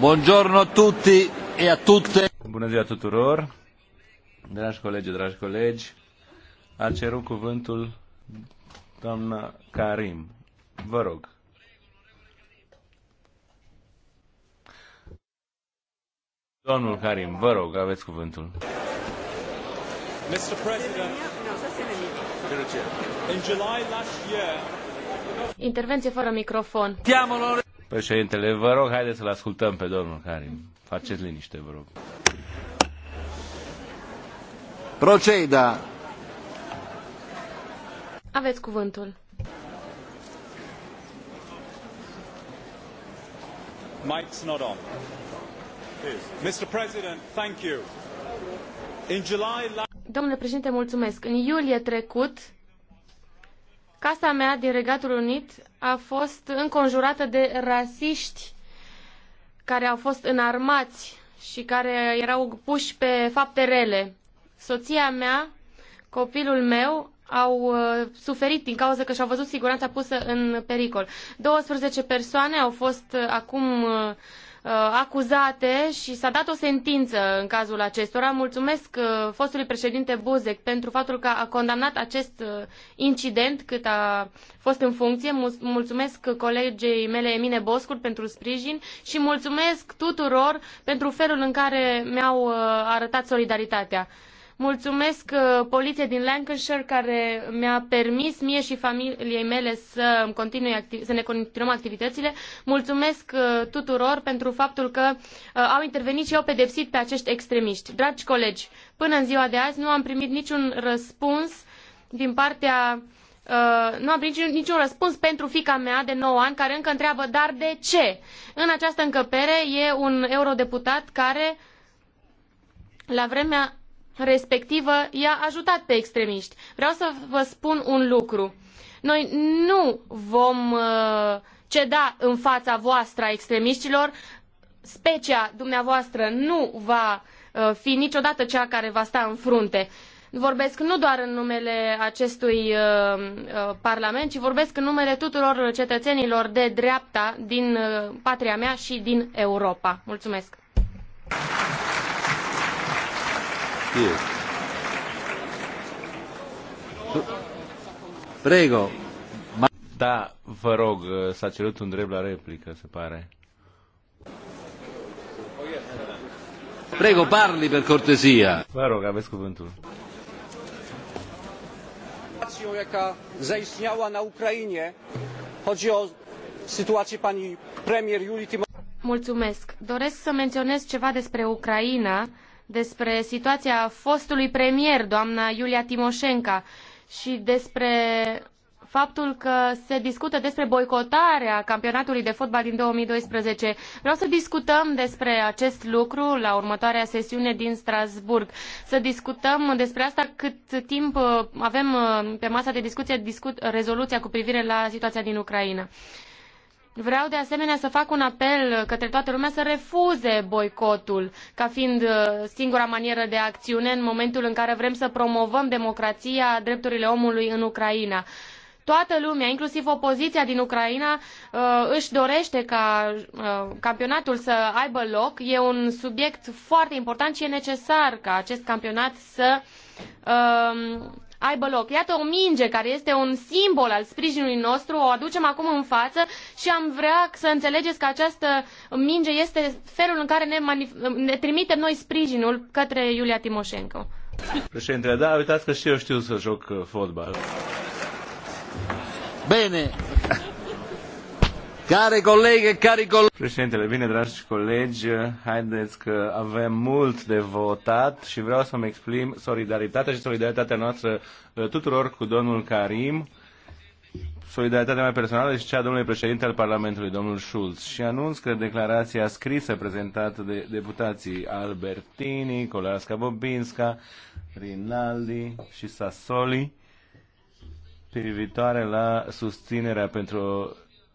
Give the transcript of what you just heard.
Buongiorno a tutti e a tutte. Bună ziua tuturor. Dragi colegi, dragi colegi, a cerut cuvântul doamna Karim. Vă rog. Domnul Karim, vă rog, aveți cuvântul. Mr. President, in July last year, Intervenție fără microfon. Președintele, vă rog, haideți să-l ascultăm pe domnul Karim. Faceți liniște, vă rog. Proceda. Aveți cuvântul. Mike's not on. Mr. President, thank you. In July... Domnule președinte, mulțumesc. În iulie trecut, Casa mea din Regatul Unit a fost înconjurată de rasiști care au fost înarmați și care erau puși pe fapte rele. Soția mea copilul meu au uh, suferit din cauza că și-au văzut siguranța pusă în pericol. 12 persoane au fost uh, acum uh, uh, acuzate și s-a dat o sentință în cazul acestora. Mulțumesc uh, fostului președinte Buzek pentru faptul că a condamnat acest uh, incident cât a fost în funcție. Mulțumesc colegei mele Emine Boscur pentru sprijin și mulțumesc tuturor pentru felul în care mi-au arătat solidaritatea. Mulțumesc uh, poliției din Lancashire care mi-a permis mie și familiei mele să, continui, să ne continuăm activitățile. Mulțumesc uh, tuturor pentru faptul că uh, au intervenit și au pedepsit pe acești extremiști. Dragi colegi, până în ziua de azi nu am primit niciun răspuns din partea Uh, nu am primit niciun, niciun răspuns pentru fica mea de 9 ani care încă întreabă dar de ce? În această încăpere e un eurodeputat care la vremea respectivă i-a ajutat pe extremiști. Vreau să vă spun un lucru. Noi nu vom uh, ceda în fața voastră a extremiștilor. Specia dumneavoastră nu va uh, fi niciodată cea care va sta în frunte. Vorbesc nu doar în numele acestui uh, uh parlament, ci vorbesc în numele tuturor cetățenilor de dreapta din uh, patria mea și din Europa. Mulțumesc! Yes. Prego. Da, vă rog, s-a cerut un drept la replică, se pare. Prego, parli per cortesia. Vă rog, aveți cuvântul. care zaistniała na Ukrainie. Chodzi o sytuację pani premier Julii Timoszenko. Mulțumesc. Doresc să menționez ceva despre Ucraina despre situația fostului premier, doamna Iulia Timoșenca, și despre faptul că se discută despre boicotarea campionatului de fotbal din 2012. Vreau să discutăm despre acest lucru la următoarea sesiune din Strasbourg. Să discutăm despre asta cât timp uh, avem uh, pe masa de discuție discut, uh, rezoluția cu privire la situația din Ucraina. Vreau de asemenea să fac un apel către toată lumea să refuze boicotul ca fiind uh, singura manieră de acțiune în momentul în care vrem să promovăm democrația, drepturile omului în Ucraina toată lumea, inclusiv opoziția din Ucraina, uh, își dorește ca uh, campionatul să aibă loc. E un subiect foarte important și e necesar ca acest campionat să aibă loc. Iată o minge care este un simbol al sprijinului nostru, o aducem acum în față și am vrea să înțelegeți că această minge este felul în care ne, ne trimitem noi sprijinul către Iulia Timoșenko. Președinte, da, uitați că și eu știu să joc uh, fotbal. Bine. Care colegi, cari colegi. Președintele, bine, dragi colegi, haideți că avem mult de votat și vreau să-mi exprim solidaritatea și solidaritatea noastră uh, tuturor cu domnul Karim, solidaritatea mea personală și cea a domnului președinte al Parlamentului, domnul Schulz. Și anunț că declarația scrisă prezentată de deputații Albertini, Colasca Bobinska, Rinaldi și Sassoli privitoare la susținerea pentru